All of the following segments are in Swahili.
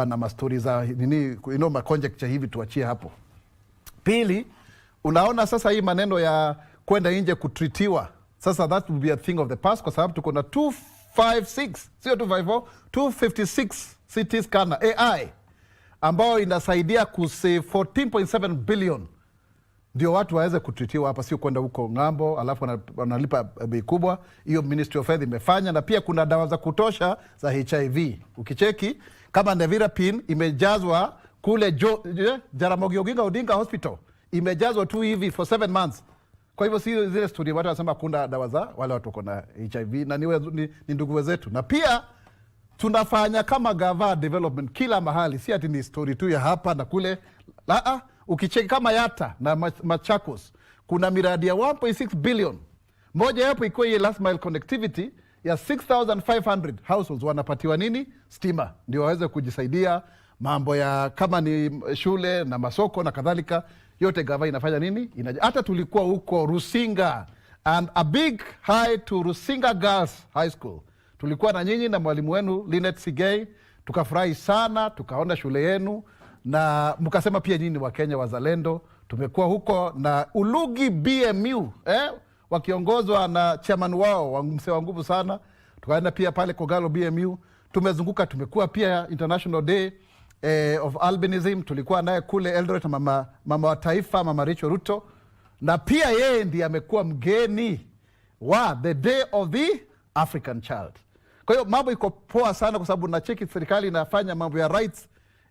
Ah, na mastori za nini, ino maconjecture hivi, tuachie hapo. Pili, unaona sasa hii maneno ya kwenda nje kutritiwa sasa, that will be a thing of the past, kwa sababu tuko na 256 sio 254 256 CT scanner AI ambayo inasaidia ku 14.7 billion ndio watu waweze kutritiwa hapa, sio kwenda huko ng'ambo, alafu wanalipa bei kubwa. Hiyo Ministry of Health imefanya, na pia kuna dawa za kutosha za HIV. Ukicheki kama nevirapin imejazwa kule jo, je, eh, Jaramogi Oginga Odinga Hospital imejazwa tu hivi for seven months. Kwa hivyo si zile studio watu wanasema kuna dawa za wale watu wako na HIV na ni, ni, ni ndugu wezetu, na pia tunafanya kama gava development kila mahali, si ati ni story tu ya hapa na kule la -a. Ah, ukicheki kama Yata na Machakos kuna miradi ya 1.6 billion, moja yapo ikiwa hii last mile connectivity ya 6500 households wanapatiwa nini stima, ndio waweze kujisaidia mambo ya kama ni shule na masoko na kadhalika, yote gava inafanya nini inaja. Hata tulikuwa huko Rusinga, and a big hi to Rusinga Girls High School. Tulikuwa na nyinyi na mwalimu wenu Linet Sigei, tukafurahi sana, tukaona shule yenu na mkasema pia nyinyi ni Wakenya wazalendo. Tumekuwa huko na Ulugi BMU eh, wakiongozwa na chairman wao msee wa nguvu sana. Tukaenda pia pale Kogalo BMU, tumezunguka. Tumekuwa pia International Day eh, of Albinism, tulikuwa naye kule Eldoret, mama, mama wa taifa, Mama Rachel Ruto, na pia yeye ndiye amekuwa mgeni wa the day of the African child. Kwa hiyo mambo iko poa sana, kwa sababu nacheki serikali inafanya mambo ya rights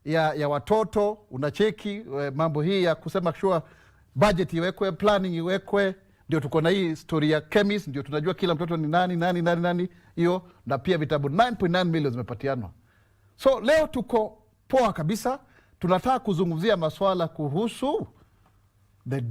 ya, ya watoto unacheki eh, mambo hii ya kusema sure budget iwekwe, planning iwekwe. Ndio tuko na hii story ya chemis ndio tunajua kila mtoto ni nani nani nani nani hiyo, na pia vitabu 9.9 milioni zimepatianwa. So leo tuko poa kabisa, tunataka kuzungumzia maswala kuhusu the